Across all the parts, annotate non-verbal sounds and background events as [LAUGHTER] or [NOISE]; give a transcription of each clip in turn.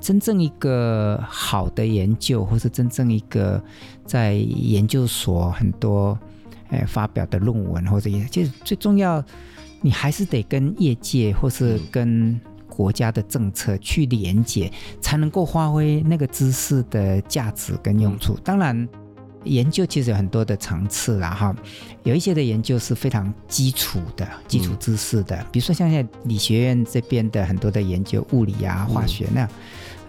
真正一個好的研究，或是真正一個在研究所很多，哎、發表的論文，或者一些，其實最重要，你還是得跟業界或是跟國家的政策去連接，嗯、才能夠發揮那個知識的價值跟用處。嗯、當然，研究其實有很多的層次啦，哈，有一些的研究是非常基礎的基礎知識的，嗯、比如說像在理學院這邊的很多的研究，物理啊、化學、嗯、那樣。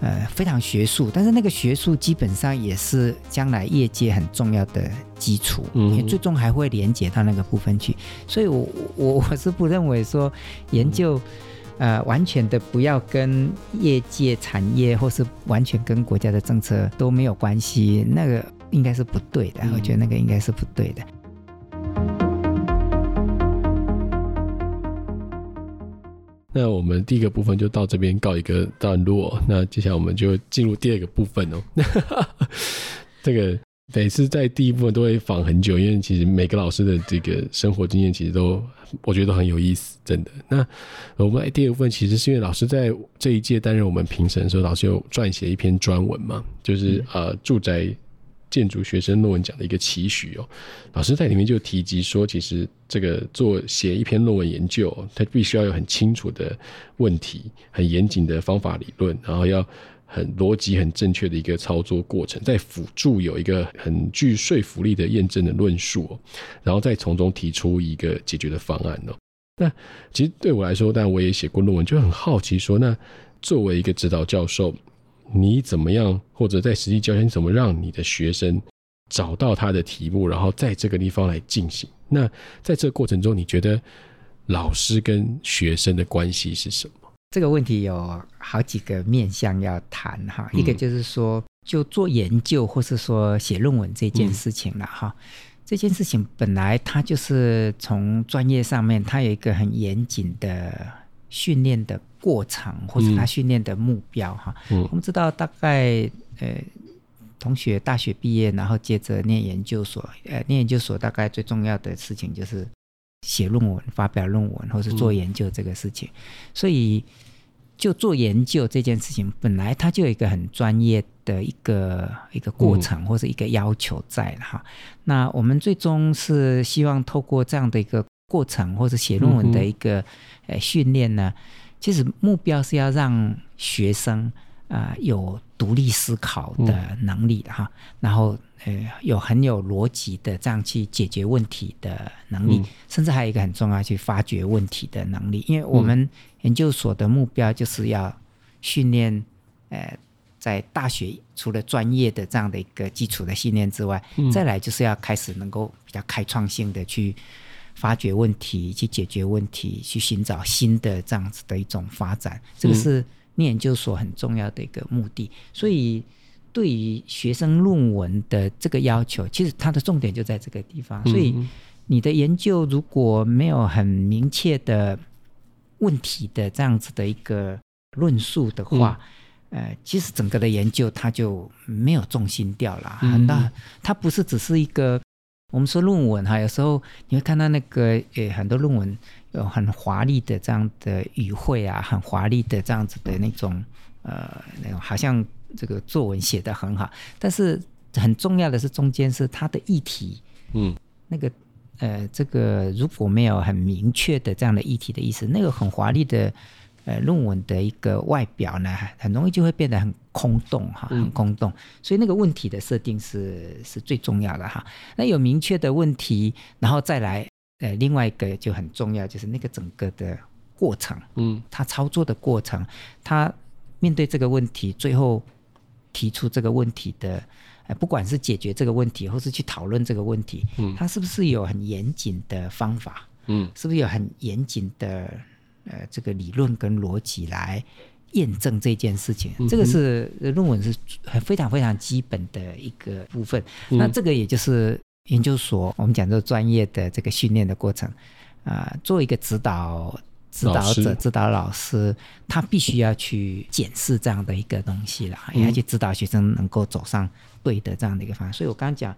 呃，非常學術，但是那個學術基本上也是將來業界很重要的基礎，嗯，也最終還會連接到那個部分去。所以我，我我我是不認為說研究，嗯、呃，完全的不要跟業界、產業或是完全跟國家的政策都沒有關係，那個應該是不對的。嗯、我覺得那個應該是不對的。那我們第一個部分就到這邊告一個段落，那接下來我們就進入第二個部分哦。 [LAUGHS] 這個每次在第一部分都會訪很久，因為其實每個老師的這個生活經驗其實都我覺得都很有意思，真的。那我們第二部分其實是因為老師在這一屆擔任我們評審的時候，老師有撰寫一篇專文嘛，就是、嗯、呃住宅。建築學生論文獎的一個期許哦，老師在裡面就提及說，其實這個做寫一篇論文研究哦，它必須要有很清楚的問題，很嚴謹的方法理論，然後要很邏輯、很正確的一個操作過程，再輔助有一個很具說服力的驗證的論述哦，然後再從中提出一個解決的方案哦。那其實對我來說，當然我也寫過論文，就很好奇說，那作為一個指導教授。你怎麼樣？或者在實際教學，你怎麼讓你的學生找到他的題目，然後在這個地方來進行？那在這個過程中，你覺得老師跟學生的關係是什麼？這個問題有好幾個面向要談哈。一個就是說，嗯、就做研究或是說寫論文這件事情了哈。嗯、這件事情本來它就是從專業上面，它有一個很嚴謹的。訓練的過程，或者他訓練的目標，哈、嗯，我們知道大概，呃，同學大學畢業，然後接着念研究所，呃，念研究所大概最重要的事情就是寫論文、發表論文，或是做研究這個事情。嗯、所以，就做研究這件事情，本來它就有一個很專業的一個一個過程，或者一個要求在了哈。嗯、那我們最終是希望透過這樣的一個。過程或者寫論文的一個呃訓練呢，嗯、其實目標是要讓學生啊、呃、有獨立思考的能力哈，嗯、然後呃有很有邏輯的這樣去解決問題的能力，嗯、甚至還有一個很重要去發掘問題的能力。因為我們研究所的目標就是要訓練、嗯、呃在大學除了專業的這樣的一個基礎的訓練之外，嗯、再來就是要開始能夠比較開創性的去。發掘問題，去解決問題，去尋找新的這樣子的一種發展，這個是念研究所很重要的一個目的。嗯、所以，對於學生論文的這個要求，其實它的重點就在這個地方。所以，你的研究如果沒有很明確的問題的這樣子的一個論述的話，嗯、呃，其實整個的研究它就沒有重心掉了。那、嗯、它不是只是一個。我們說論文哈，有時候你會看到那個呃，很多論文有很華麗的這樣的語彙啊，很華麗的這樣子的那種呃，那種好像這個作文寫得很好，但是很重要的是中間是它的議題，嗯，那個呃，這個如果沒有很明確的這樣的議題的意思，那個很華麗的。呃，論文的一個外表呢，很容易就會變得很空洞哈，很空洞。嗯，所以那個問題的設定是是最重要的哈。那有明確的問題，然後再來，呃，另外一個就很重要，就是那個整個的過程，嗯，他操作的過程，他面對這個問題，最後提出這個問題的，呃，不管是解決這個問題，或是去討論這個問題，嗯，他是不是有很嚴謹的方法，嗯，是不是有很嚴謹的？呃，這個理論跟邏輯來驗證這件事情，嗯、哼這個是論文是非常非常基本的一個部分。嗯、那這個也就是研究所，我們講的專業的這個訓練的過程。啊、呃，做一個指導、指導者、師指導老師，他必須要去檢視這樣的一個東西了，也、嗯、要去指導學生能夠走上對的這樣的一個方向。所以我剛剛講。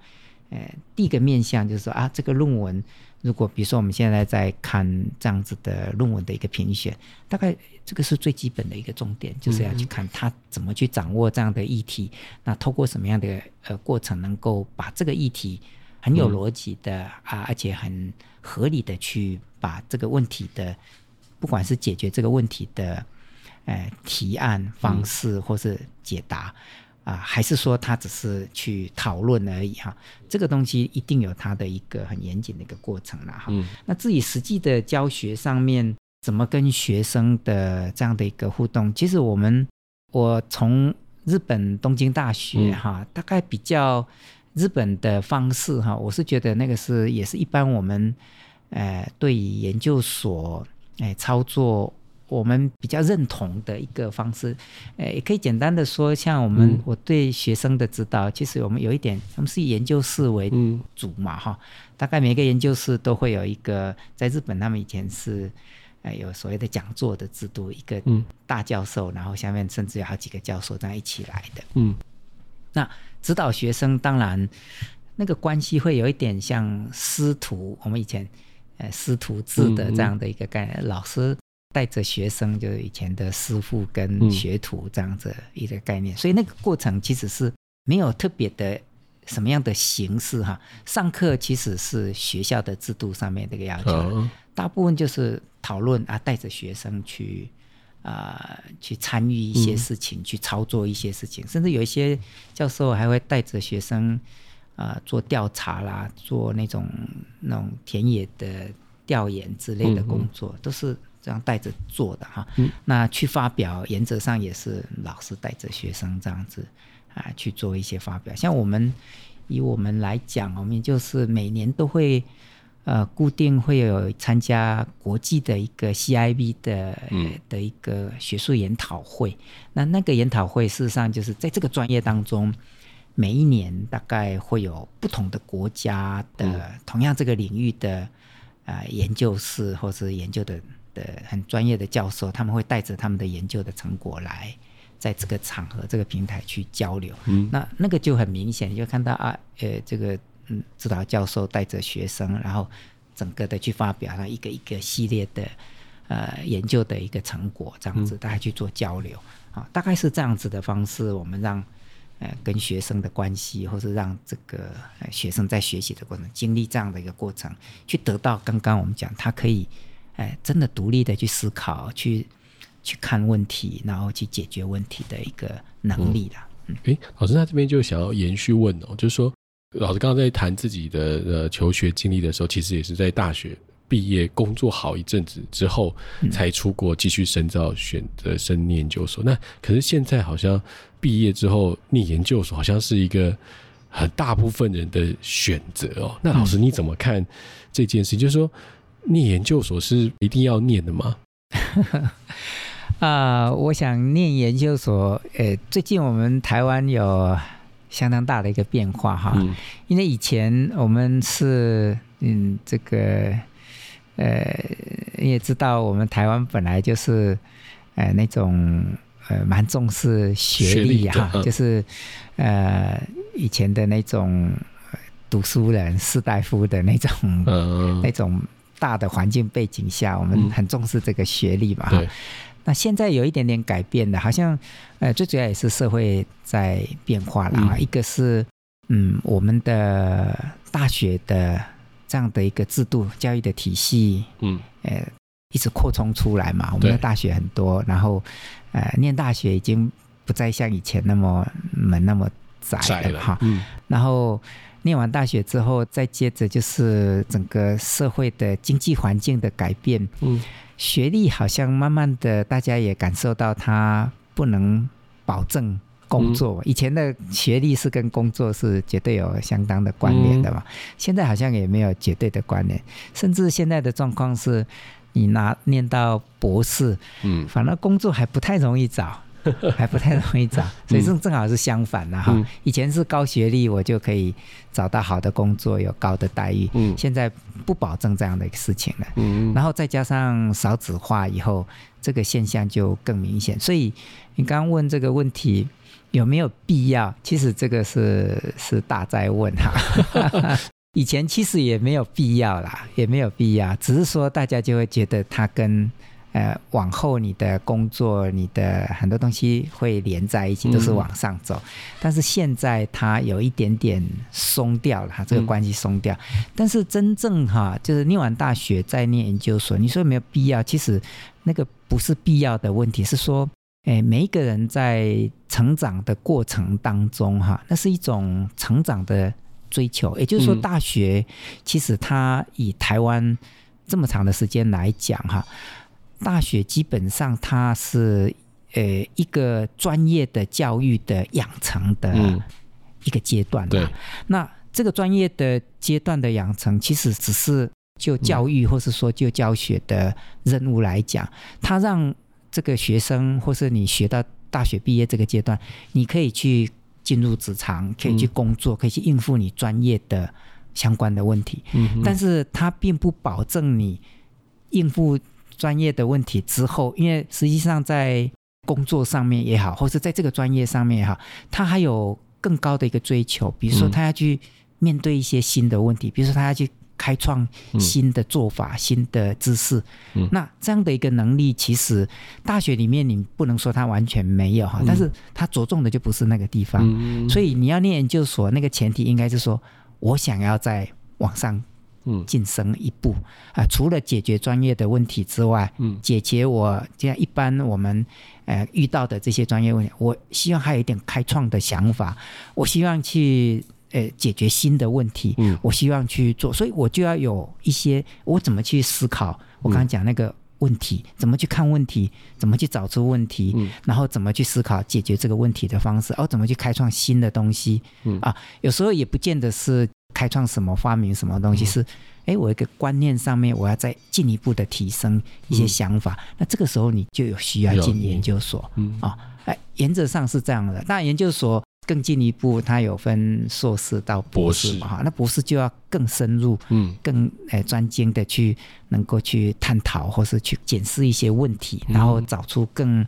呃，第一個面向就是說啊，這個論文，如果比如說我們現在在看這樣子的論文的一個評選，大概這個是最基本的一個重點，就是要去看他怎麼去掌握這樣的議題，嗯嗯，那透過什麼樣的呃過程，能夠把這個議題很有邏輯的、嗯、啊，而且很合理的去把這個問題的，不管是解決這個問題的，呃，提案方式或是解答。嗯啊，還是說他只是去討論而已哈？這個東西一定有他的一個很嚴謹的一個過程了哈。嗯、那至於實際的教學上面，怎麼跟學生的這樣的一個互動？其實我們，我從日本東京大學哈，大概比較日本的方式哈，嗯、我是覺得那個是也是一般我們，哎、呃，對於研究所、呃、操作。我們比較認同的一個方式，誒、呃，也可以簡單的說，像我們、嗯、我對學生的指導，其實我們有一點，我們是以研究室為主嘛，嗯、哈，大概每個研究室都會有一個，在日本他們以前是誒、呃、有所謂的講座的制度，一個大教授，然後下面甚至有好幾個教授在一起來的，嗯，那指導學生當然那個關係會有一點像師徒，我們以前誒、呃、師徒制的這樣的一個概念，嗯嗯、老師。帶着學生，就是以前的師傅跟學徒這樣子一個概念，嗯、所以那個過程其實是沒有特別的什麼樣的形式哈。上課其實是學校的制度上面這個要求，好大部分就是討論啊，帶着學生去啊、呃、去參與一些事情，嗯、去操作一些事情，甚至有一些教授還會帶着學生啊、呃、做調查啦，做那種那種田野的調研之類的工作，嗯嗯都是這樣帶着做的哈，嗯、那去發表原則上也是老師帶着學生這樣子啊去做一些發表。像我們以我們來講，我們就是每年都會呃固定會有參加國際的一個 CIB 的、嗯呃、的一個學術研討會。那那個研討會事實上就是在這個專業當中，每一年大概會有不同的國家的、嗯、同樣這個領域的啊、呃、研究室或是研究的。的很專業的教授，他們會帶着他們的研究的成果來，在這個場合、這個平台去交流。嗯，那那個就很明顯，你就看到啊，呃，這個嗯，指導教授帶着學生，然後整個的去發表了一個一個系列的呃研究的一個成果，這樣子大家去做交流、嗯、啊，大概是這樣子的方式，我們讓呃跟學生的關係，或是讓這個、呃、學生在學習的過程經歷這樣的一個過程，去得到剛剛我們講他可以。哎，真的獨立的去思考，去去看問題，然後去解決問題的一個能力的。嗯，哎，老師那這邊就想要延續問哦，就是說，老師剛剛在談自己的呃求學經歷的時候，其實也是在大學畢業、工作好一陣子之後，嗯、才出國繼續深造，選擇升念研究所。那可是現在好像畢業之後念研究所，好像是一個很大部分人的選擇哦。嗯、那老師你怎麼看這件事情？嗯、就是說。念研究所是一定要念的嗎？啊、 [LAUGHS] 呃，我想念研究所。誒，最近我們台灣有相當大的一個變化哈，嗯、因為以前我們是嗯這個呃，你也知道，我們台灣本來就是呃，那種呃蠻重視學歷哈，歷就是呃以前的那種讀書人士大夫的那種嗯嗯那種。大的環境背景下，我們很重視這個學歷嘛。嗯，對。那現在有一點點改變的，好像，呃，最主要也是社會在變化了。嗯、一個是，嗯，我們的大學的這樣的一個制度、教育的體系，嗯，呃，一直擴充出來嘛。我們的大學很多，對然後，呃，念大學已經不再像以前那麼門那麼窄了哈。了。嗯。然後。念完大學之後，再接着就是整個社會的經濟環境的改變。嗯，學歷好像慢慢的，大家也感受到它不能保證工作。嗯、以前的學歷是跟工作是絕對有相當的關聯的嘛，嗯、現在好像也沒有絕對的關聯。甚至現在的狀況是，你拿念到博士，嗯，反而工作還不太容易找，還不太容易找，所以正正好是相反的哈。嗯、以前是高學歷，我就可以找到好的工作，有高的待遇。嗯，現在不保證這樣的一個事情了。嗯，然後再加上少子化以後，這個現象就更明顯。所以你剛剛問這個問題有沒有必要？其實這個是是大哉問哈、啊。 [LAUGHS] 以前其實也沒有必要啦，也沒有必要，只是說大家就會覺得他跟。呃，往後你的工作，你的很多東西會連在一起，嗯、都是往上走。但是現在它有一點點鬆掉了哈，這個關係鬆掉。嗯、但是真正哈，就是念完大學再念研究所，你說有沒有必要，其實那個不是必要的問題。是說，哎，每一個人在成長的過程當中哈，那是一種成長的追求。也就是說，大學其實它以台灣這麼長的時間來講哈。大學基本上它是呃一個專業的教育的養成的一個階段、嗯，對。那這個專業的階段的養成，其實只是就教育，或是說就教學的任務來講，嗯、它讓這個學生，或是你學到大學畢業這個階段，你可以去進入職場，嗯、可以去工作，可以去應付你專業的相關的問題。嗯哼。但是它並不保證你應付。專業的問題之後，因為實際上在工作上面也好，或者在這個專業上面也好，他還有更高的一個追求，比如說他要去面對一些新的問題，比如說他要去開創新的做法，嗯、新的知識。嗯、那這樣的一個能力，其實大學裡面你不能說他完全沒有哈，但是他着重的就不是那個地方。嗯、所以你要念研究所，那個前提應該是說我想要再往上。嗯，晉升一步啊、呃！除了解決專業的問題之外，嗯，解決我這樣一般我們呃遇到的這些專業問題，我希望還有一點開創的想法，我希望去呃解決新的問題，嗯，我希望去做，所以我就要有一些我怎麼去思考。我剛剛講那個問題，嗯、怎麼去看問題，怎麼去找出問題，嗯、然後怎麼去思考解決這個問題的方式，哦，怎麼去開創新的東西，嗯啊，有時候也不見得是。開創什麼，發明什麼東西是，嗯、誒。我一個觀念上面我要再進一步的提升一些想法，嗯、那這個時候你就有需要進研究所，嗯嗯、啊，誒，原則上是這樣的。那研究所更進一步，它有分碩士到博士嘛。哈博士，那博士就要更深入，嗯，更誒、呃、專精的去能夠去探討或是去解釋一些問題，嗯、然後找出更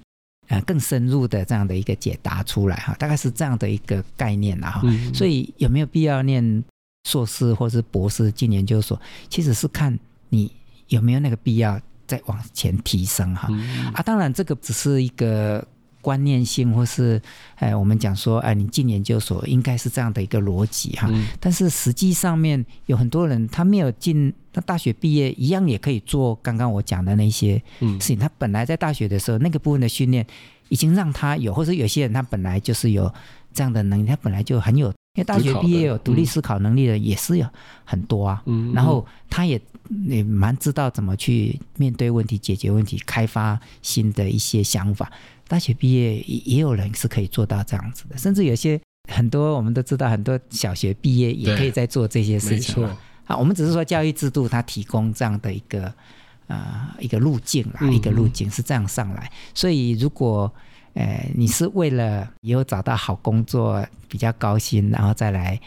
呃更深入的這樣的一個解答出來哈，大概是這樣的一個概念啦哈。嗯、所以有沒有必要念？碩士或是博士進研究所，其實是看你有沒有那個必要再往前提升哈。嗯、啊，當然這個只是一個觀念性或是哎，我們講說哎，你進研究所應該是這樣的一個邏輯哈。嗯、但是實際上面有很多人他沒有進，他大學畢業一樣也可以做剛剛我講的那些事情。他本來在大學的時候那個部分的訓練已經讓他有，或者有些人他本來就是有這樣的能力，他本來就很有。因為大學畢業有獨立思考能力的也是有很多啊，然後他也也蠻知道怎麼去面對問題、解決問題、開發新的一些想法。大學畢業也有人是可以做到這樣子的，甚至有些很多我們都知道，很多小學畢業也可以在做這些事情啊。我們只是說教育制度它提供這樣的一個啊、呃、一個路徑啦，一個路徑是這樣上來，所以如果。呃，你是為了以後找到好工作、比較高薪，然後再來，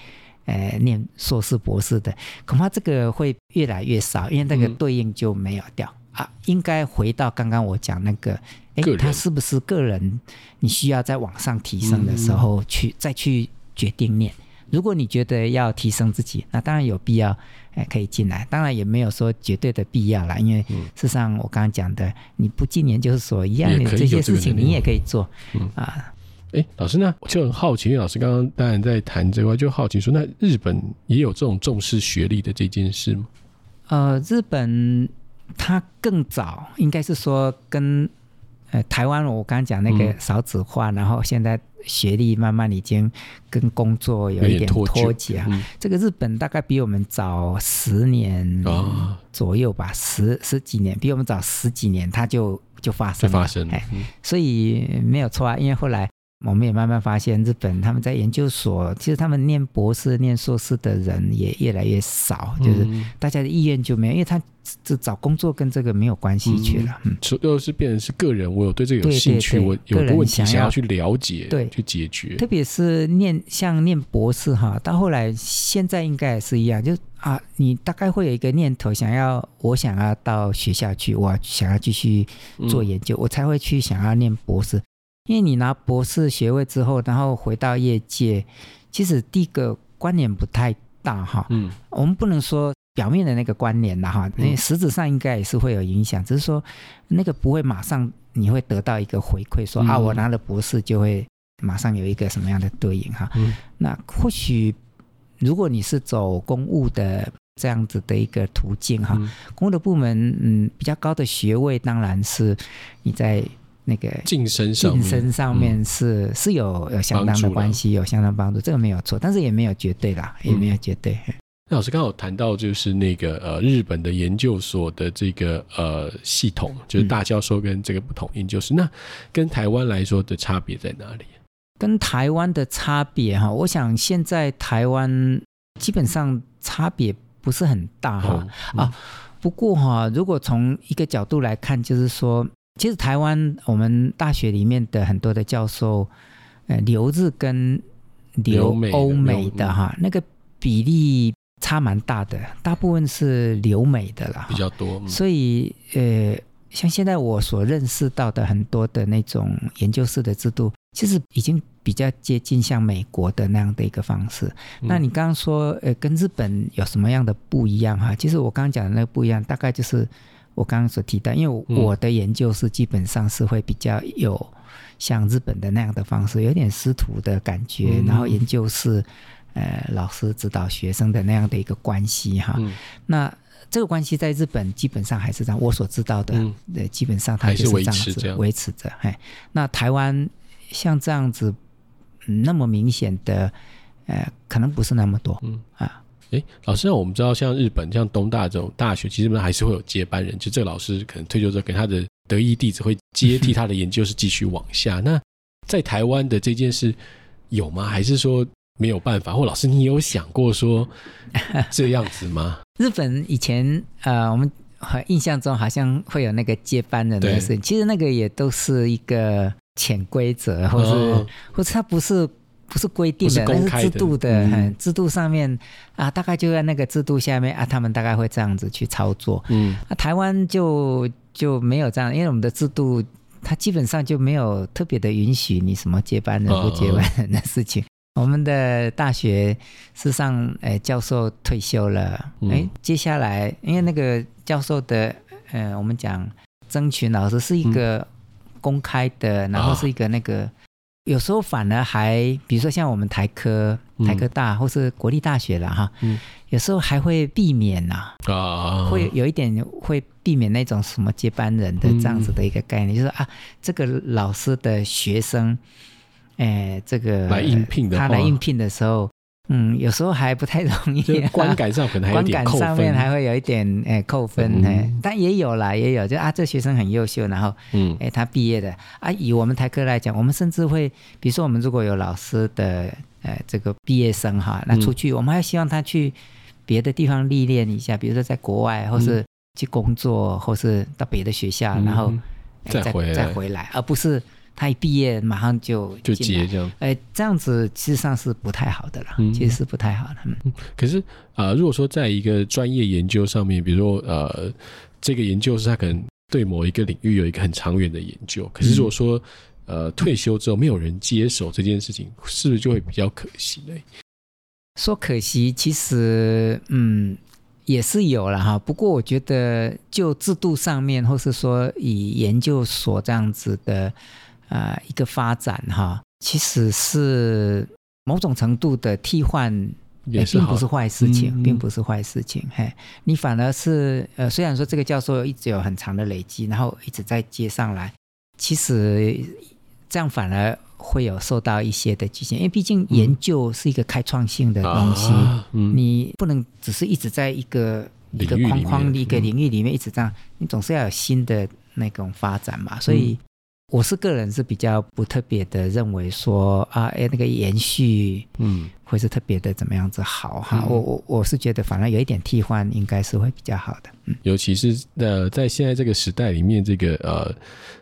呃，念碩士、博士的，恐怕這個會越來越少，因為那個對應就沒有掉、嗯、啊。應該回到剛剛我講那個，誒，他人是不是個人？你需要在往上提升的時候去、嗯、再去決定念。如果你覺得要提升自己，那當然有必要。可以進來，當然也沒有說絕對的必要啦，因為事實上我剛剛講的，你不進研究所一樣，的這，這些事情你也可以做、嗯嗯、啊。哎、欸，老師呢，我就很好奇，因為老師剛剛當然在談這塊，就好奇說，那日本也有這種重視學歷的這件事嗎？呃，日本它更早，應該是說跟。呃，台灣我剛講那個少子化，嗯、然後現在學歷慢慢已經跟工作有一點脫節啊。嗯、這個日本大概比我們早十年左右吧，哦、十十幾年，比我們早十幾年，它就就發生了。發生了，哎嗯、所以沒有錯啊，因為後來。我們也慢慢發現，日本他們在研究所，其實他們念博士、念碩士的人也越來越少，就是大家的意願就沒有，因為他這找工作跟這個沒有關係去了。嗯，主、嗯、又是變成是個人，我有對這個有興趣，對對對，我有個問題個人想要去了解，對，去解決。特別是念像念博士哈，到後來現在應該也是一樣，就啊，你大概會有一個念頭，想要我想要到學校去，我想要繼續做研究，嗯、我才會去想要念博士。因為你拿博士學位之後，然後回到業界，其實第一個關聯不太大哈。嗯。我們不能說表面的那個關聯哈，那、嗯、實質上應該也是會有影響，只是說那個不會馬上你會得到一個回饋，說、嗯、啊，我拿了博士就會馬上有一個什麼樣的對應哈。嗯。那或許如果你是走公務的這樣子的一個途徑哈，嗯、公務的部門嗯比較高的學位當然是你在。那個晉升上面，晉升上面是、嗯、是有有相當的關係，有相當幫助，這個沒有錯，但是也沒有絕對啦，嗯、也沒有絕對。那老師剛好談到就是那個呃日本的研究所的這個呃系統，就是大教授跟這個不同，研究室、嗯、那跟台灣來說的差別在哪裡？跟台灣的差別哈、啊，我想現在台灣基本上差別不是很大哈啊、嗯、啊，不過哈、啊，如果從一個角度來看，就是說。其實台灣我們大學裡面的很多的教授，呃，留日跟留，留美的，歐美的哈，留美。那個比例差蠻大的，大部分是留美的啦，比較多。嗯。所以，呃，像現在我所認識到的很多的那種研究室的制度，其實已經比較接近像美國的那樣的一個方式。嗯。那你剛剛說，呃，跟日本有什麼樣的不一樣哈？其實我剛剛講的那個不一樣，大概就是。我剛剛所提到，因為我的研究是基本上是會比較有像日本的那樣的方式，有點師徒的感覺，嗯、然後研究是呃老師指導學生的那樣的一個關係哈。嗯、那這個關係在日本基本上還是這樣，我所知道的，呃、嗯，基本上它就是這樣子維持着。維持著嘿，那台灣像這樣子那麼明顯的，呃，可能不是那麼多，啊。哎，老師、啊，那我們知道，像日本、像東大這種大學，其實可還是會有接班人，就這個老師可能退休之後，給他的得意弟子會接替他的研究，是繼續往下。呵呵。那在台灣的這件事有嗎？還是說沒有辦法？或老師，你有想過說這樣子嗎？日本以前，呃，我們印象中好像會有那個接班人的事情，對其實那個也都是一個潛規則，或是，哦、或是他不是。不是規定，的，是公開的，是制度的。嗯、制度上面啊，大概就在那個制度下面啊，他們大概會這樣子去操作。嗯、啊，台灣就就沒有這樣，因為我們的制度它基本上就沒有特別的允許你什麼接班人不接班人的事情。哦哦我們的大學是上誒、呃、教授退休了，哎、嗯，接下來因為那個教授的，呃，我們講徵聘老師是一個公開的，嗯、然後是一個那個。哦有時候反而還，比如說像我們台科、台科大、嗯、或是國立大學了哈，嗯、有時候還會避免吶、啊，啊、會有一點會避免那種什麼接班人的這樣子的一個概念，嗯、就是啊，這個老師的學生，哎、欸，這個來應聘的、呃、他來應聘的時候。嗯，有時候還不太容易，觀感上可能還觀感上面還會有一點誒、欸、扣分誒、欸，嗯、但也有啦，也有就啊，這學生很優秀，然後嗯，誒、欸，他畢業的啊，以我們台科來講，我們甚至會，比如說我們如果有老師的、呃、這個畢業生哈，那出去，我們還希望他去別的地方歷練一下，嗯、比如說在國外，或是去工作，嗯、或是到別的學校，然後、嗯、再回來再，再回來，而不是。他一畢業馬上就就接這樣，哎、呃，這樣子其實上是不太好的啦，嗯、其實是不太好的。嗯、可是啊、呃，如果說在一個專業研究上面，比如說呃，這個研究是他可能對某一個領域有一個很長遠的研究，可是如果說、嗯、呃退休之後沒有人接手這件事情，嗯、是不是就會比較可惜呢？說可惜，其實嗯也是有啦哈。不過我覺得就制度上面，或是說以研究所這樣子的。呃，一個發展哈，其實是某種程度的替換，也並不是壞事情，嗯、並不是壞事情。嘿，你反而是呃，雖然說這個教授一直有很長的累積，然後一直在接上來，其實這樣反而會有受到一些的局限，因為畢竟研究是一個開創性的東西，嗯、你不能只是一直在一個、啊嗯、一個框框、裡一個領域裡面一直這樣，嗯、你總是要有新的那種發展嘛，所以、嗯。我是個人是比較不特別的認為說啊，哎，那個延續，嗯，會是特別的怎麼樣子好哈？嗯、我我我是覺得反而有一點替換應該是會比較好的，嗯，尤其是呃，在現在這個時代裡面，這個呃，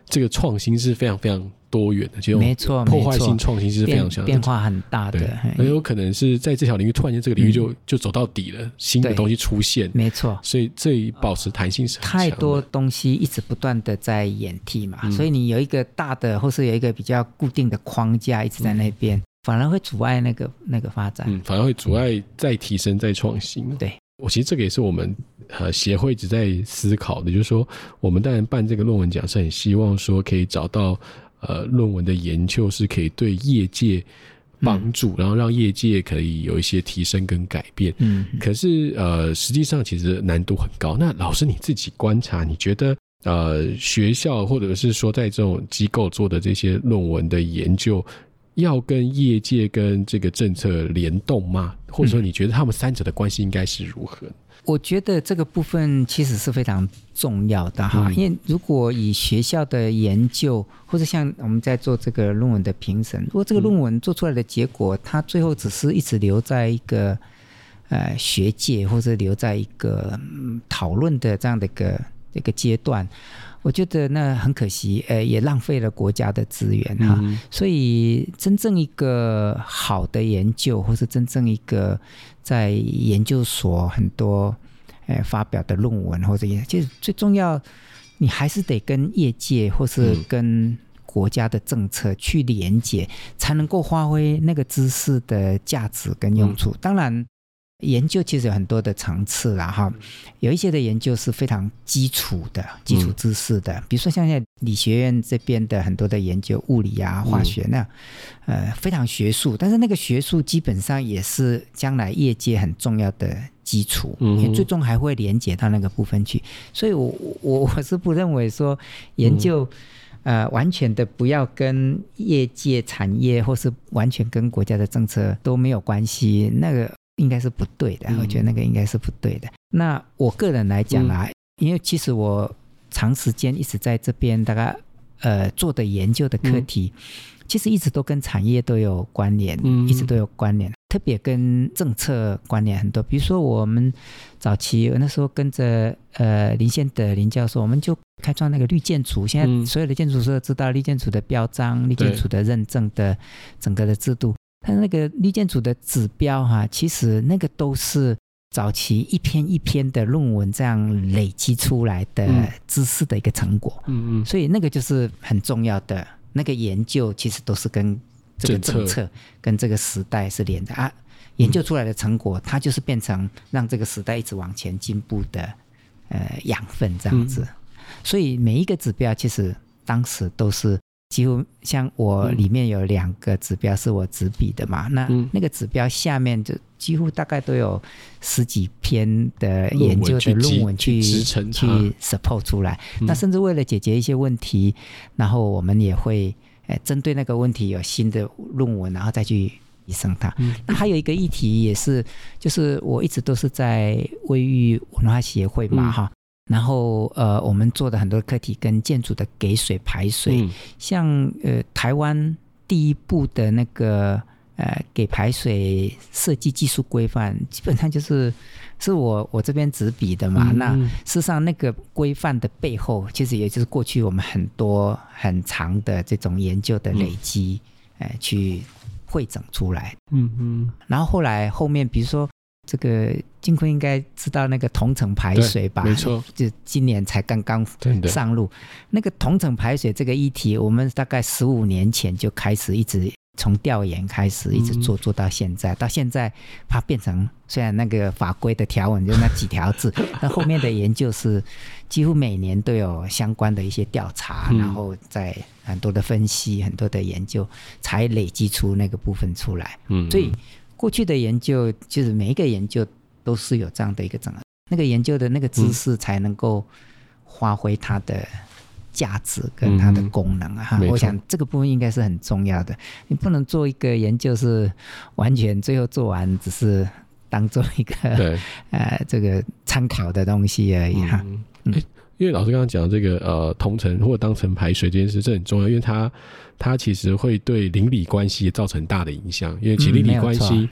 這個創新是非常非常。多元的？就沒錯，破壞性創新是非常強，變化很大的，很有可能是在這條領域，突然間這個領域就、嗯、就走到底了，新的東西出現，沒錯。所以，這保持彈性是很強的、呃、太多東西一直不斷的在演替嘛，嗯、所以你有一個大的，或是有一個比較固定的框架一直在那邊，嗯、反而會阻礙那個那個發展、嗯，反而會阻礙再提升、再創新。對我，其實這個也是我們呃協會一直在思考的，就是說，我們當然辦這個論文獎是很希望說可以找到。呃，論文的研究是可以對業界幫助，嗯、然後讓業界可以有一些提升跟改變。嗯，可是呃，實際上其實難度很高。那老師你自己觀察，你覺得呃，學校或者是說在這種機構做的這些論文的研究，要跟業界跟這個政策聯動嗎？或者說你覺得他們三者的關係應該是如何？嗯我覺得這個部分其實是非常重要的哈，嗯、因為如果以學校的研究，或者像我們在做這個論文的評審，如果這個論文做出來的結果，嗯、它最後只是一直留在一個呃學界，或者留在一個、嗯、討論的這樣的一個一個階段。我覺得那很可惜，呃，也浪費了國家的資源哈。嗯、所以，真正一個好的研究，或是真正一個在研究所很多，呃發表的論文，或者其實最重要，你還是得跟業界，或是跟國家的政策去連接，嗯、才能夠發揮那個知識的價值跟用處。嗯、當然。研究其實有很多的層次啦，哈、嗯，有一些的研究是非常基礎的基礎知識的，嗯、比如說像在理學院這邊的很多的研究，物理啊、化學那樣，嗯、呃，非常學術，但是那個學術基本上也是將來業界很重要的基礎，嗯、也最終還會連接到那個部分去。所以我，我我我是不認為說研究、嗯、呃完全的不要跟業界、產業或是完全跟國家的政策都沒有關係那個。應該是不對的，嗯、我覺得那個應該是不對的。那我個人來講啊，嗯、因為其實我長時間一直在這邊，大概呃做的研究的課題，嗯、其實一直都跟產業都有關聯，嗯、一直都有關聯，特別跟政策關聯很多。比如說我們早期我那時候跟着呃林憲德林教授，我們就開創那個綠建築，現在所有的建築師知道綠建築的標章、嗯、綠建築的認證的對整個的制度。他那個綠建築的指標哈、啊，其實那個都是早期一篇一篇的論文這樣累積出來的知識的一個成果，嗯嗯，嗯嗯所以那個就是很重要的。那個研究其實都是跟這個政策、跟這個時代是連着啊，研究出來的成果，嗯、它就是變成讓這個時代一直往前進步的呃養分這樣子。嗯、所以每一個指標其實當時都是。幾乎像我裡面有兩個指標是我執筆的嘛，嗯、那那個指標下面就幾乎大概都有十幾篇的研究的論文去、嗯嗯、去 support 出來，嗯、那甚至為了解決一些問題，然後我們也會針對那個問題有新的論文，然後再去提升它。嗯、那還有一個議題也是，就是我一直都是在衛浴文化協會嘛，哈、嗯。然後，呃，我們做的很多課題跟建築的給水排水，嗯、像呃台灣第一部的那個呃給排水設計技術規範，基本上就是、嗯、是我我這邊執筆的嘛。嗯嗯，那事實上，那個規範的背後，其實也就是過去我們很多很長的這種研究的累積，嗯、呃，去匯整出來。嗯嗯。然後後來後面，比如說。這個進坤應該知道那個同層排水吧？沒錯，就今年才剛剛上路。對對對，那個同層排水這個議題，我們大概十五年前就開始，一直從調研開始，一直做做到現在。嗯、到現在，它變成雖然那個法規的條文就那幾條字， [LAUGHS] 但後面的研究是幾乎每年都有相關的一些調查，嗯、然後在很多的分析、很多的研究，才累積出那個部分出來。嗯，所以。過去的研究就是每一個研究都是有這樣的一個整合，那個研究的那個知識才能夠發揮它的價值跟它的功能啊。嗯嗯、我想這個部分應該是很重要的，你不能做一個研究是完全最後做完只是當做一個對呃這個參考的東西而已哈、啊。嗯欸因為老師剛剛講的這個呃，同層或當層排水這件事，這很重要，因為它它其實會對鄰里關係也造成很大的影響，因為其實鄰里關係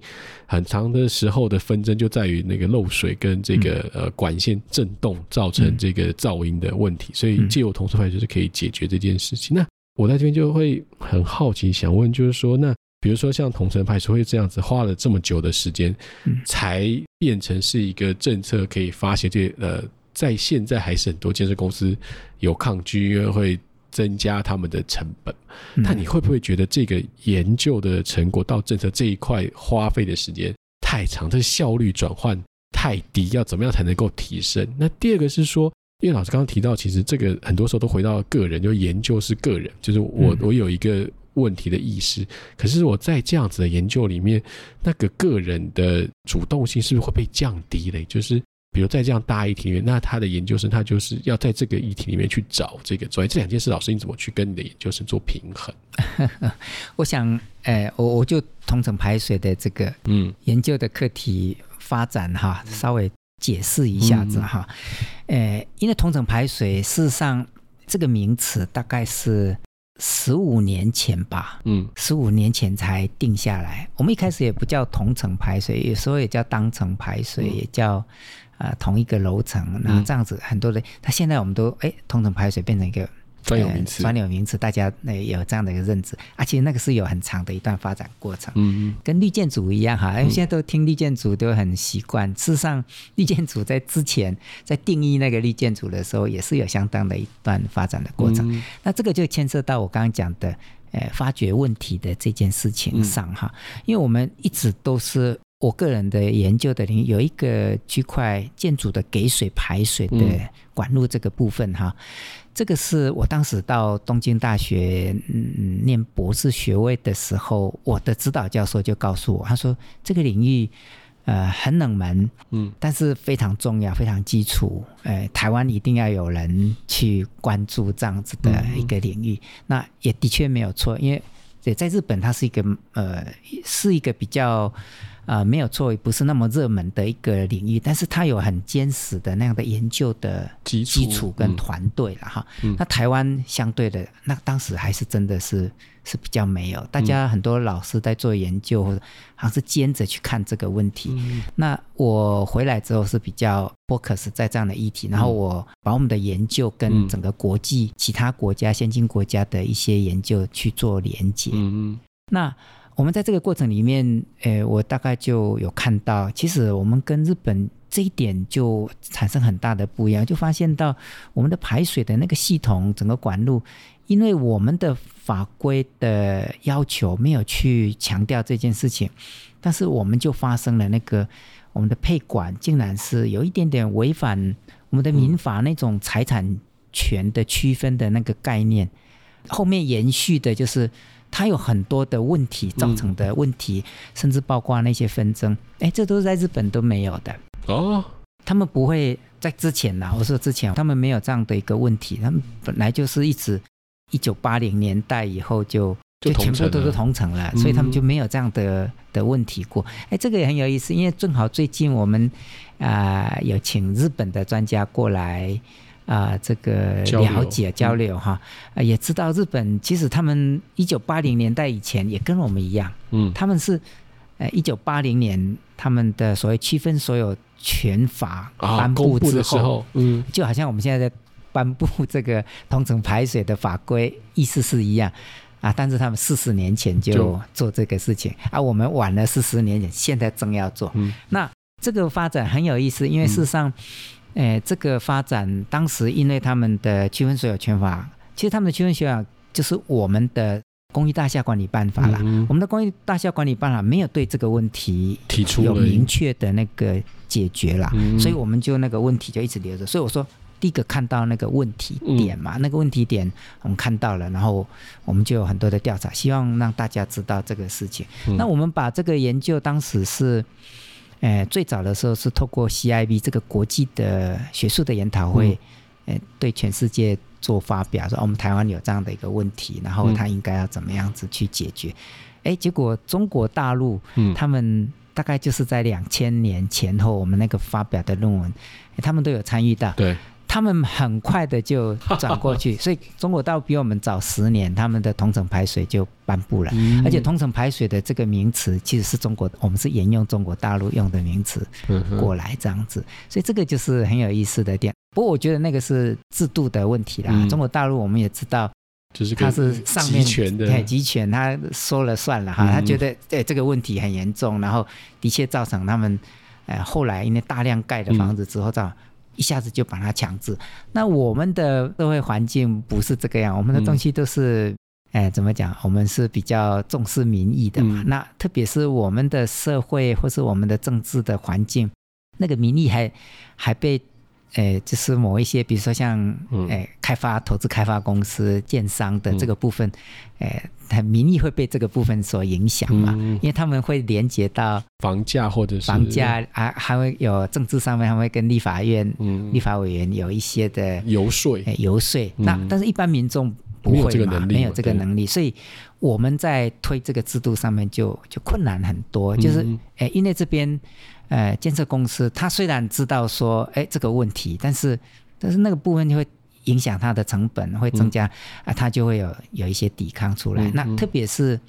很長的時候的紛爭就在於那個漏水跟這個、嗯、呃管線震動造成這個噪音的問題，嗯、所以借由同層排水是可以解決這件事情。嗯、那我在這邊就會很好奇，想問就是說，那比如說像同層排水會這樣子花了這麼久的時間，嗯、才變成是一個政策可以發泄這呃。在現在還是很多建設公司有抗拒，因為會增加他們的成本。那、嗯、你會不會覺得這個研究的成果到政策這一塊花費的時間太長，這、就是、效率轉換太低？要怎麼樣才能夠提升？那第二個是說，因為老師剛剛提到，其實這個很多時候都回到個人，就是、研究是個人，就是我我有一個問題的意識。嗯、可是我在這樣子的研究裡面，那個個人的主動性是不是會被降低嘞？就是。比如在這樣大議題裡面，那他的研究生他就是要在這個議題裡面去找這個專業這兩件事。老師，你怎麼去跟你的研究生做平衡？ [LAUGHS] 我想，哎、呃，我我就同層排水的這個嗯研究的課題發展哈，嗯、稍微解釋一下子哈。哎、嗯呃，因為同層排水事實上這個名詞大概是十五年前吧，嗯，十五年前才定下來。我們一開始也不叫同層排水，有時候也叫當層排水，嗯、也叫。啊，同一個樓層，那這樣子很多的，他、嗯、現在我們都哎，同層排水變成一個專有名詞，專、嗯、有名詞，大家那有這樣的一個認知，而、啊、且那個是有很長的一段發展過程，嗯嗯，跟綠建築一樣哈，因為現在都聽綠建築都很習慣，事實上，綠建築在之前在定義那個綠建築的時候，也是有相當的一段發展的過程，嗯、那這個就牽涉到我剛剛講的，呃，發掘問題的這件事情上哈，嗯、因為我們一直都是。我個人的研究的領域有一個區塊，建築的給水排水的管路這個部分哈，嗯、這個是我當時到東京大學、嗯、念博士學位的時候，我的指導教授就告訴我，他說這個領域呃很冷門，嗯，但是非常重要，非常基礎，哎、呃，台灣一定要有人去關注這樣子的一個領域，嗯、那也的確沒有錯，因為。對，在日本它是一個呃，是一個比較呃，沒有錯，不是那麼熱門的一個領域，但是它有很堅實的那樣的研究的基礎跟團隊了哈。嗯、那台灣相對的，那當時還是真的是。是比較沒有，大家很多老師在做研究，或者好像是兼着去看這個問題。嗯嗯，那我回來之後是比較 focus 在這樣的議題，嗯、然後我把我們的研究跟整個國際、嗯、其他國家、先進國家的一些研究去做連接。嗯嗯，那我們在這個過程裡面，誒、呃，我大概就有看到，其實我們跟日本。這一點就產生很大的不一樣，就發現到我們的排水的那個系統整個管路，因為我們的法規的要求沒有去強調這件事情，但是我們就發生了那個我們的配管竟然是有一點點違反我們的民法那種財產權的區分的那個概念，後面延續的就是它有很多的問題造成的問題，甚至包括那些紛爭，哎，這都是在日本都沒有的。哦，他們不會在之前吶，我說之前他們沒有這樣的一個問題，他們本來就是一直一九八零年代以後就就全部都是同城了，城了，所以他們就沒有這樣的、嗯、的問題過。哎、欸，這個也很有意思，因為正好最近我們啊、呃、有請日本的專家過來啊、呃、這個了解交流哈，流嗯、也知道日本其實他們一九八零年代以前也跟我們一樣，嗯，他們是。哎，一九八零年他們的所謂區分所有權法頒布之後，啊、的時候嗯，就好像我們現在在頒布這個同層排水的法規，意思是一樣啊。但是他們四十年前就做這個事情，而對、啊、我們晚了四十年前，現在正要做。嗯、那這個發展很有意思，因為事實上，哎、嗯呃，這個發展當時因為他們的區分所有權法，其實他們的區分所有就是我們的。公寓大廈管理辦法啦，嗯嗯，我們的公寓大廈管理辦法沒有對這個問題提出有明確的那個解決啦，嗯嗯，所以我們就那個問題就一直留着。所以我說，第一個看到那個問題點嘛，嗯、那個問題點我們看到了，然後我們就有很多的調查，希望讓大家知道這個事情。嗯、那我們把這個研究當時是，誒、呃，最早的時候是透過 CIB 這個國際的學術的研討會，誒、嗯呃，對全世界。做發表說，我們台灣有這樣的一個問題，然後他應該要怎麼樣子去解決？哎、嗯欸，結果中國大陸，嗯，他們大概就是在兩千年前後，我們那個發表的論文，欸，他們都有參與到。對。他們很快的就轉過去， [LAUGHS] 所以中國倒比我們早十年，他們的同層排水就頒布了，嗯、而且同層排水的這個名詞其實是中國，我們是沿用中國大陸用的名詞過來這樣子，嗯、哼所以這個就是很有意思的點。不過我覺得那個是制度的問題啦，嗯、中國大陸我們也知道，就是它是上面是集權的，哎、集權他說了算了哈，嗯、他覺得、欸、這個問題很嚴重，然後的確造成他們，哎、呃、後來因為大量蓋的房子之後造。嗯一下子就把他強制。那我們的社會環境不是這個樣，我們的東西都是，嗯、哎，怎麼講？我們是比較重視民意的嘛。嗯、那特別是我們的社會或是我們的政治的環境，那個民意還還被。哎，就是某一些，比如說像哎，開發、投資、開發公司、建商，的這個部分，哎，民意會被這個部分所影響嘛？因為他們會連接到房價，或者是房價還還會有政治上面，還會跟立法院、立法委員有一些的遊說、遊說。那但是，一般民眾不會，沒有這個能力，所以我們在推這個制度上面就就困難很多。就是哎，因為這邊。呃，建設公司，他雖然知道說，哎、欸，這個問題，但是，但是那個部分就會影響他的成本，會增加、嗯、啊，他就會有有一些抵抗出來。嗯、那特別是，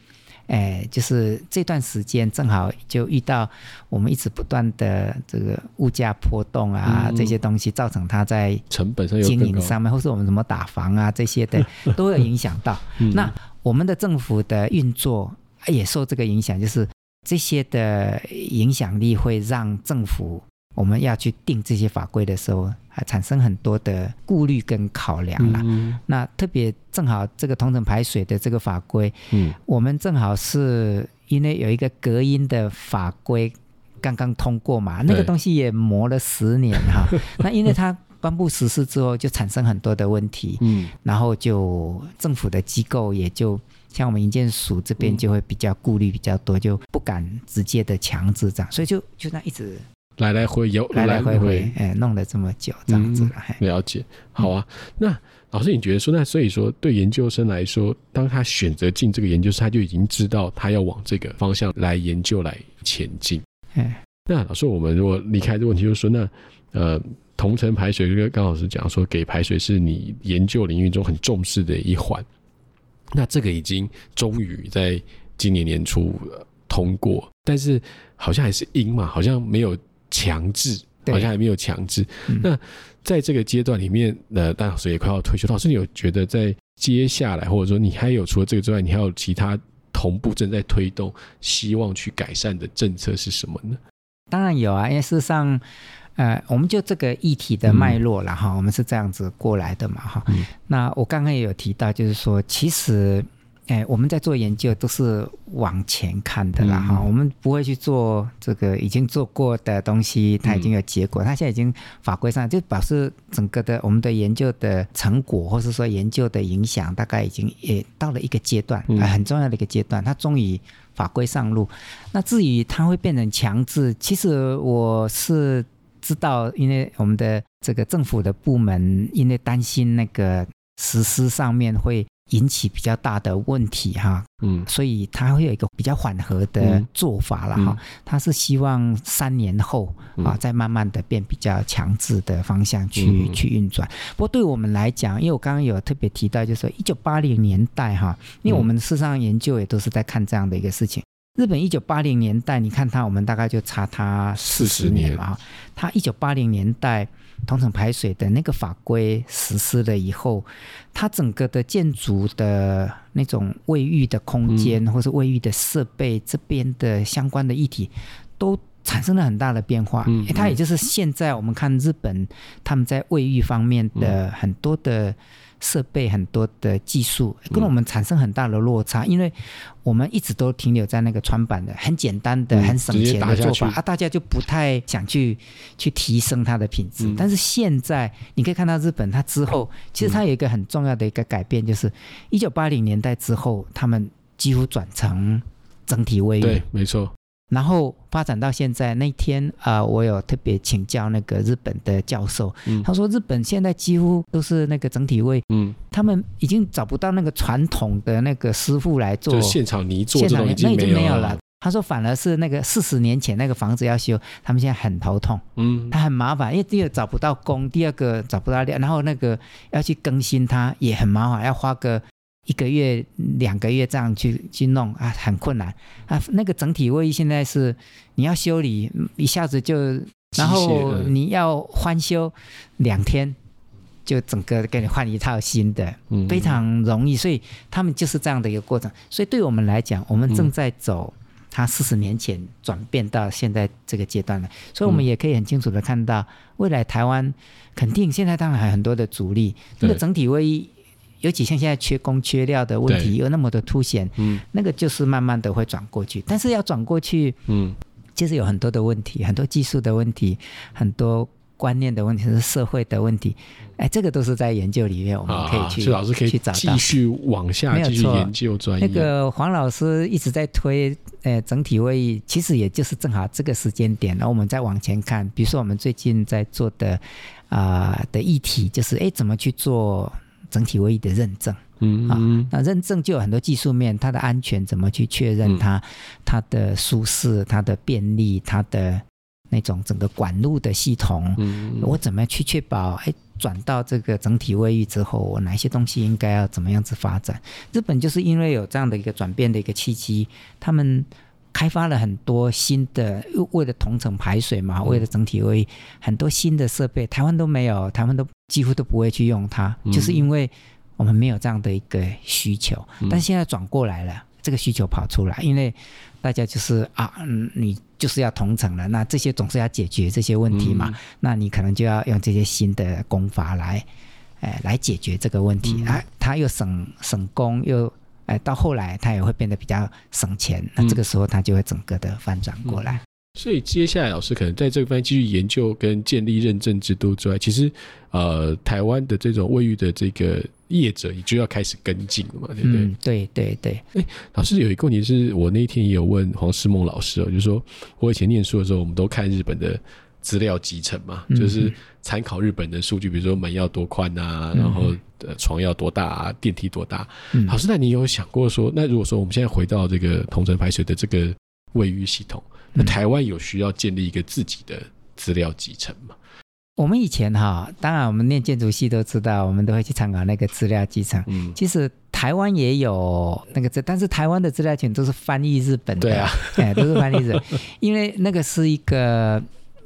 哎、呃，就是這段時間正好就遇到我們一直不斷的這個物價波動啊，嗯、這些東西造成他在成本上有、經營上面，或是我們怎麼打房啊，這些的，都有影響到。嗯、那我們的政府的運作也受這個影響，就是。這些的影響力會讓政府，我們要去定這些法規的時候，還產生很多的顧慮跟考量啦。嗯嗯，那特別正好這個同層排水的這個法規，嗯，我們正好是因為有一個隔音的法規剛剛通過嘛，嗯、那個東西也磨了十年哈。對 [LAUGHS] 那因為它頒布實施之後就產生很多的問題，嗯，然後就政府的機構也就。像我們營建署這邊就會比較顧慮比較多，嗯、就不敢直接的強制這樣，所以就就那一直來來回有來來回回，來回，回，哎，弄了這麼久，嗯，這樣子。嗯、樣子了解，嗯、好啊。那老師，你覺得說，那所以說對研究生來說，當他選擇進這個研究生，他就已經知道他要往這個方向來研究來前進。嗯、那老師，我們如果離開這問題，就是說，那呃，同層排水，剛剛，剛老師講說，給排水是你研究領域中很重視的一環。那這個已經終於在今年年初，呃，通過，但是好像還是因嘛，好像沒有強制，對好像還沒有強制。嗯，那在這個階段裡面，呃，大老師也快要退休，老師你有覺得在接下來或者說你還有除了這個之外，你還有其他同步正在推動，希望去改善的政策是什麼呢？當然有啊，因為事實上。呃，我們就這個議題的脈絡了哈、嗯，我們是這樣子過來的嘛哈。嗯、那我剛剛也有提到，就是說，其實，哎、呃，我們在做研究都是往前看的啦。哈、嗯，我們不會去做這個已經做過的東西，它已經有結果，嗯、它現在已經法規上就表示整個的我們的研究的成果，或是說研究的影響，大概已經也到了一個階段、嗯呃，很重要的一個階段，它終於法規上路。那至於它會變成強制，其實我是，知道，因為我們的這個政府的部門，因為擔心那個實施上面會引起比較大的問題哈、啊，嗯，所以他會有一個比較緩和的做法了哈，他，嗯嗯、是希望三年後啊，嗯、再慢慢的變比較強制的方向去、嗯、去運轉。不過對我們來講，因為我剛剛有特別提到，就是說一九八零年代哈、啊，因為我們事實上研究也都是在看這樣的一個事情。日本一九八零年代，你看它，我們大概就差它四十年嘛。它一九八零年代同層排水的那個法規實施了以後，它整個的建築的那種衛浴的空間，嗯、或是衛浴的設備這邊的相關的議題，都產生了很大的變化。它、嗯嗯欸、也就是現在我們看日本他們在衛浴方面的很多的。嗯設備很多的技術跟我們產生很大的落差，嗯、因為我們一直都停留在那個穿板的很簡單的、很省錢的做法，嗯、啊，大家就不太想去去提升它的品質。嗯、但是現在你可以看到日本，它之後、哦、其實它有一個很重要的一個改變，就是一九八零年代之後，他們幾乎轉成整體衛浴。對，沒錯。然後發展到現在那一天啊，呃，我有特別請教那個日本的教授，嗯，他說日本現在幾乎都是那個整體位，嗯，他們已經找不到那個傳統的那個師傅來做，就現場泥做，現場泥那已經沒有了。他說反而是那個四十年前那個房子要修，他們現在很頭痛，嗯，他很麻煩，因為第一個找不到工，第二個找不到料，然後那個要去更新它也很麻煩，要花個。一個月、兩個月這樣去去弄啊，很困難啊。那個整體衛浴現在是你要修理，一下子就，然後你要翻修兩天，就整個給你換一套新的，嗯嗯，非常容易。所以他們就是這樣的一個過程。所以對我們來講，我們正在走他四十年前轉變到現在這個階段了。嗯、所以我們也可以很清楚的看到，嗯、未來台灣肯定，現在當然還有很多的阻力，這個整體衛浴。尤其像現在缺工缺料的問題又那麼的凸顯，嗯、那個就是慢慢的會轉過去，但是要轉過去，嗯，其實有很多的問題，很多技術的問題，很多觀念的問題，是社會的問題，哎，這個都是在研究裡面，我們可以去，老師、啊啊、可以去找到，繼續往下繼續，沒有錯，研究那個黃老師一直在推，呃，整體會議其實也就是正好這個時間點，然後我們再往前看，比如說我們最近在做的啊、呃、的議題就是，哎，怎麼去做？整體衛浴的認證，嗯嗯嗯啊，那認證就有很多技術面，它的安全怎麼去確認它，它的舒適、它的便利、它的那種整個管路的系統，嗯嗯嗯我怎麼去確保？哎，轉到這個整體衛浴之後，我哪些東西應該要怎麼樣子發展？日本就是因為有這樣的一個轉變的一個契機，他們。開發了很多新的，為了同層排水嘛，嗯、為了整體，為很多新的設備台灣都沒有，台灣都幾乎都不會去用它，嗯、就是因為我們沒有這樣的一個需求。但現在轉過來了，嗯、這個需求跑出來，因為大家就是啊、嗯，你就是要同層了，那這些總是要解決這些問題嘛，嗯、那你可能就要用這些新的工法來，哎、呃，來解決這個問題，哎、嗯，它、啊、又省省工又。哎，到後來他也會變得比較省錢，那這個時候他就會整個的翻轉過來，嗯。所以接下來老師可能在這個方面繼續研究跟建立認證制度之外，其實呃，台灣的這種衛浴的這個業者也就要開始跟進了嘛，對不對？嗯、對對對。哎、欸，老師有一個問題是我那天也有問黃世孟老師啊，就是說我以前念書的時候，我們都看日本的資料集成嘛，就是參考日本的數據，比如說門要多寬啊，嗯、然後呃床要多大，啊，電梯多大。嗯、老師，那你有想過說，那如果說我們現在回到這個同層排水的這個衛浴系統，那台灣有需要建立一個自己的資料集成嗎？我們以前哈，當然我們念建築系都知道，我們都會去參考那個資料集成。嗯、其實台灣也有那個資，但是台灣的資料全都是翻譯日本的，哎對、啊， [LAUGHS] 都是翻譯日本，因為那個是一個。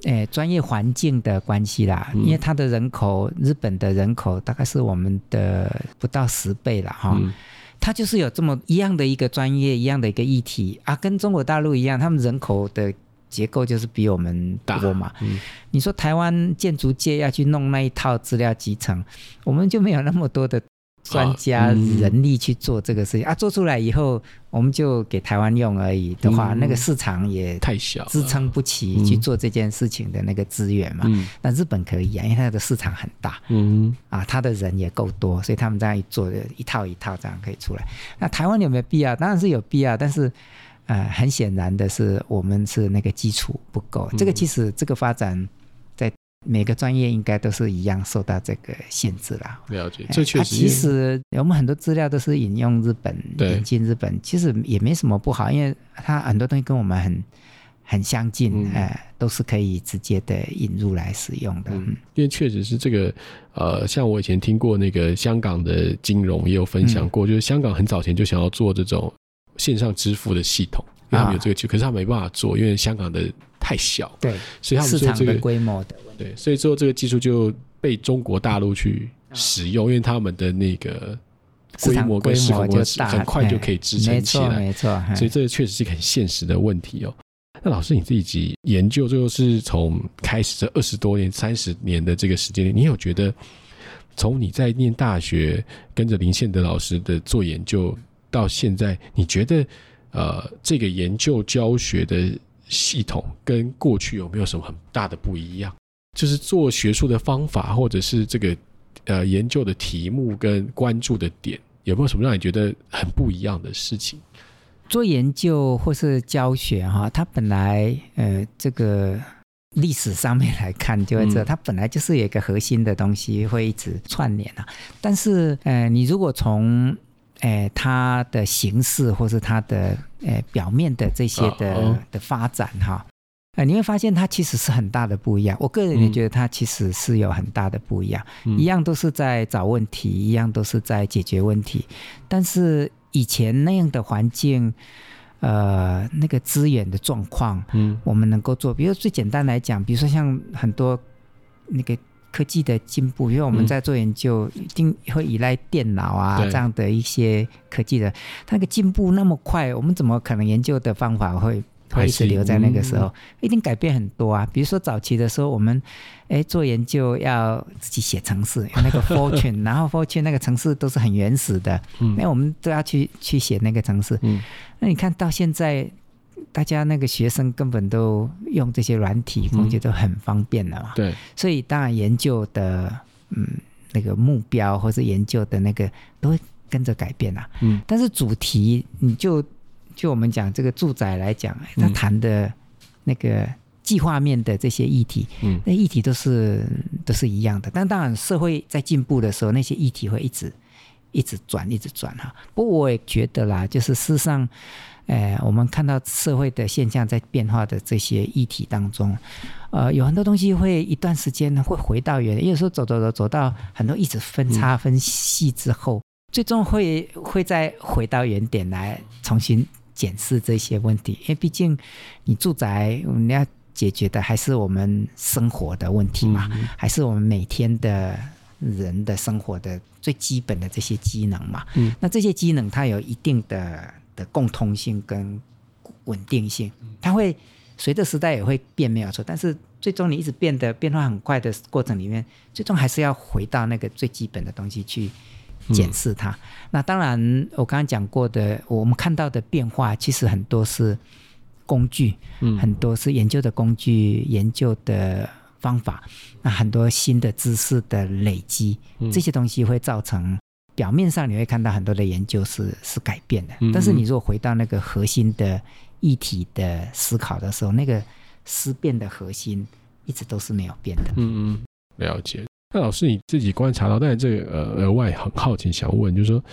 哎，專業環境的關係啦，因為他的人口，嗯、日本的人口大概是我們的不到十倍了哈、哦，他、嗯、就是有這麼一樣的一個專業，一樣的一個議題啊，跟中國大陸一樣，他們人口的結構就是比我們多嘛。嗯、你說台灣建築界要去弄那一套資料集成，我們就沒有那麼多的。專家人力去做這個事情啊、嗯、啊，做出來以後，我們就給台灣用而已的話，嗯、那個市場也太小，支撐不起去做這件事情的那個資源嘛。那、嗯嗯、日本可以啊，因為它的市場很大，嗯，啊，他的人也夠多，所以他們這樣一做的一套一套這樣可以出來。那台灣有沒有必要？當然是有必要，但是呃，很顯然的是，我們是那個基礎不夠。嗯、這個其實這個發展。每個專業應該都是一樣受到這個限制了。了解，這確實是、啊。其實我們很多資料都是引用日本對引進日本，其實也沒什麼不好，因為它很多東西跟我們很很相近，哎、嗯呃，都是可以直接的引入來使用的。嗯，因為確實是這個，呃，像我以前聽過那個香港的金融也有分享過，嗯、就是香港很早前就想要做這種線上支付的系統。因為他們有這個技術，哦、可是他們沒辦法做，因為香港的太小。對，所以他們、這個、市場的規模的問題。對，所以之後這個技術就被中國大陸去使用，哦、因為他們的那個規模跟市場規模很快就可以支撐起來。沒錯，沒錯。所以這個確實是一個很現實的問題哦。那老師你自己研究，最後是從開始這二十多年、三十年的這個時間，你有覺得從你在念大學跟着林憲德老師的做研究到現在，你覺得？呃，這個研究教學的系統跟過去有沒有什麼很大的不一樣？就是做學術的方法，或者是這個呃研究的題目跟關注的點，有沒有什麼讓你覺得很不一樣的事情？做研究或是教學哈，它本來呃這個歷史上面來看就會知道，嗯、它本來就是有一個核心的東西會一直串聯啊。但是呃，你如果從誒，它的形式或是它的誒表面的這些的 uh, uh. 的發展哈、啊，你會發現它其實是很大的不一樣。我個人也覺得它其實是有很大的不一樣。嗯、一樣都是在找問題，一樣都是在解決問題。但是以前那樣的環境，呃，那個資源的狀況，嗯，我們能夠做，比如最簡單來講，比如說像很多那個。科技的進步，因為我們在做研究，一定會依賴電腦啊，嗯、這樣的一些科技的，它那個進步那麼快，我們怎麼可能研究的方法會會一直留在那個時候？嗯、一定改變很多啊！比如說早期的時候，我們誒、欸、做研究要自己寫程式，那個 Fortran [LAUGHS] 然後 Fortran 那個程式都是很原始的，嗯、那我們都要去去寫那個程式，嗯，那你看到現在，大家那個學生根本都用這些軟體，工具都很方便了嘛。嗯、對，所以當然研究的，嗯，那個目標或者研究的那個都會跟着改變啦、啊。嗯，但是主題，你就就我們講這個住宅來講，他談的那個計劃面的這些議題，嗯、那議題都是都是一樣的。但當然，社會在進步的時候，那些議題會一直一直轉，一直轉哈、啊。不過，我也覺得啦，就是事實上。哎，我們看到社會的現象在變化的這些議題當中，呃，有很多東西會一段時間會回到原，有時候走走走走到很多一直分叉分細之後，嗯、最終會會再回到原點來重新檢視這些問題。因為畢竟你住宅，你要解決的還是我們生活的問題嘛，嗯、還是我們每天的人的生活的最基本的這些機能嘛。嗯、那這些機能它有一定的。共通性跟穩定性，它會隨着時代也會變，沒有錯。但是最終你一直變得變化很快的過程裡面，最終還是要回到那個最基本的東西去檢視它。嗯、那當然，我剛剛講過的，我們看到的變化其實很多是工具，嗯、很多是研究的工具、研究的方法，那很多新的知識的累積，這些東西會造成。表面上你會看到很多的研究是是改變的，嗯嗯，但是你如果回到那個核心的議題的思考的時候，那個思辨的核心一直都是沒有變的。嗯、嗯，了解。那老師你自己觀察到，但是這個呃，額外很好奇想問，就是說，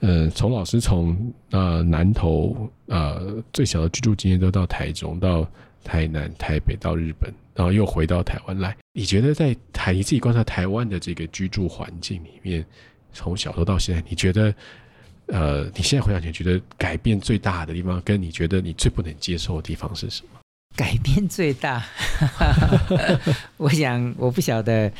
呃，從老師從呃南投呃最小的居住經驗，都到台中、到台南、台北、到日本，然後又回到臺灣來，你覺得在台你自己觀察臺灣的這個居住環境裡面？從小時候到現在，你覺得，呃，你現在回想起來，覺得改變最大的地方，跟你覺得你最不能接受的地方是什麼？改變最大， [LAUGHS] [LAUGHS] 我想我不曉得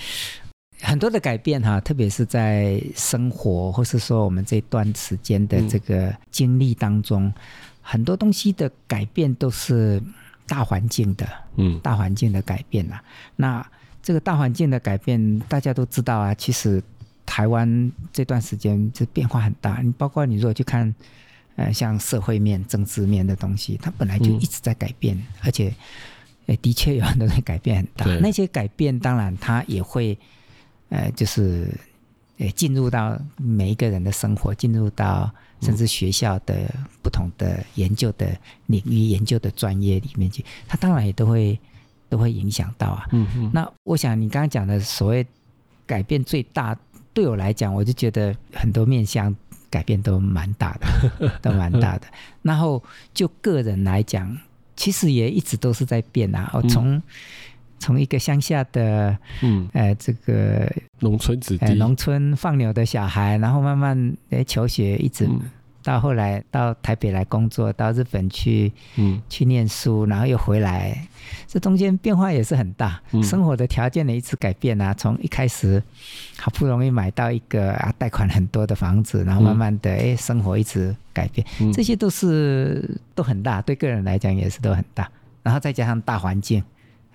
很多的改變哈、啊，特別是在生活，或是說我們這段時間的這個經歷當中，嗯、很多東西的改變都是大環境的，嗯，大環境的改變吶、啊。那這個大環境的改變，大家都知道啊，其實。台灣這段時間就變化很大，你包括你如果去看，呃，像社會面、政治面的東西，它本來就一直在改變，嗯、而且，呃、欸，的確有很多人改變很大。對那些改變當然它也會，呃，就是，呃、欸，進入到每一個人的生活，進入到甚至學校的不同的研究的領域、嗯、研究的專業裡面去，它當然也都會都會影響到啊。嗯嗯哼。那我想你剛剛講的所謂改變最大。對我來講，我就覺得很多面向改變都蠻大的， [LAUGHS] 都蠻大的。然後就個人來講，其實也一直都是在變啊。我從從一個鄉下的，嗯，哎、欸，這個農村子弟，農、欸、村放牛的小孩，然後慢慢、欸、求學，一直。嗯到後來到台北來工作，到日本去、嗯、去念書，然後又回來，這中間變化也是很大，嗯、生活的條件也一直改變啊。從一開始好不容易買到一個啊貸款很多的房子，然後慢慢的誒、嗯哎、生活一直改變，這些都是都很大，對個人來講也是都很大。然後再加上大環境，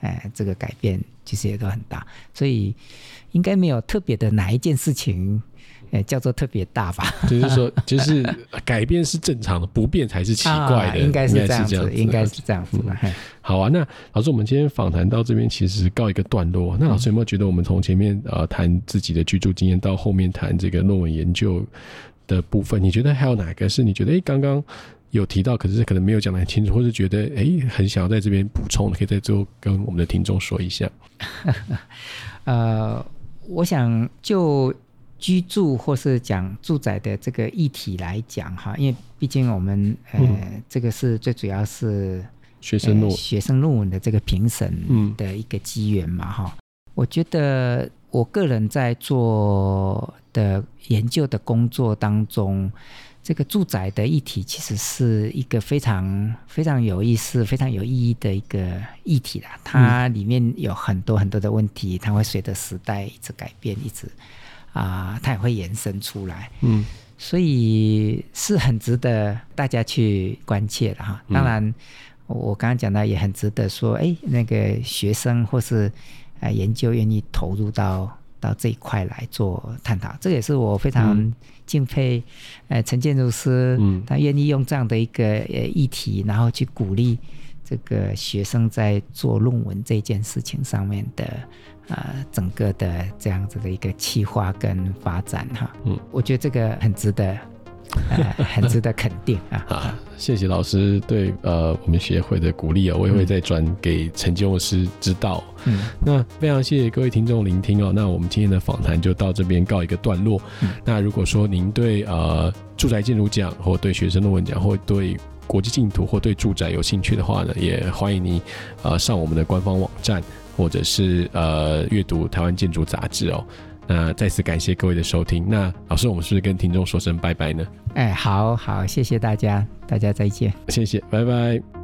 哎這個改變其實也都很大，所以應該沒有特別的哪一件事情。欸、叫做特別大吧？ [LAUGHS] 就是說，就是改變是正常的，不變才是奇怪的。啊、應該是這樣子，應該是這樣子。好啊，那老師，我們今天訪談到這邊，其實告一個段落。嗯、那老師有沒有覺得，我們從前面呃談自己的居住經驗，到後面談這個論文研究的部分，你覺得還有哪個是你覺得哎，剛、欸、剛有提到，可是可能沒有講得很清楚，或是覺得哎、欸，很想要在這邊補充，可以在最後跟我們的聽眾說一下？ [LAUGHS] 呃，我想就。居住或是講住宅的這個議題來講哈，因為畢竟我們呃，嗯、這個是最主要是學生論、呃、學生論文的這個評審的一個機緣嘛哈。嗯、我覺得我個人在做的研究的工作當中，這個住宅的議題其實是一個非常非常有意思、非常有意義的一個議題啦。它裡面有很多很多的問題，它會隨着時代一直改變，一直。啊，它也會延伸出來，嗯，所以是很值得大家去關切的哈。當然，我剛剛講到，也很值得說，哎、嗯，那個學生或是、呃、研究願意投入到到這一塊來做探討，這也是我非常敬佩、嗯、呃陳建築師，嗯、他願意用這樣的一個議題，然後去鼓勵這個學生在做論文這件事情上面的。呃，整個的這樣子的一個企劃跟發展哈，嗯，我覺得這個很值得，呃，很值得肯定啊。 [LAUGHS] 啊，謝謝老師對呃我們協會的鼓勵哦，我也會再轉給陳建築師知道。嗯，那非常謝謝各位聽眾聆聽哦，那我們今天的訪談就到這邊告一個段落。嗯，那如果說您對呃住宅建築獎或對學生論文獎或對國際競圖或對住宅有興趣的話呢，也歡迎您呃上我們的官方網站。或者是呃閱讀台灣建築雜誌哦，那再次感謝各位的收聽。那老師，我們是不是跟聽眾說聲拜拜呢？哎、欸，好好，謝謝大家，大家再見，謝謝，拜拜。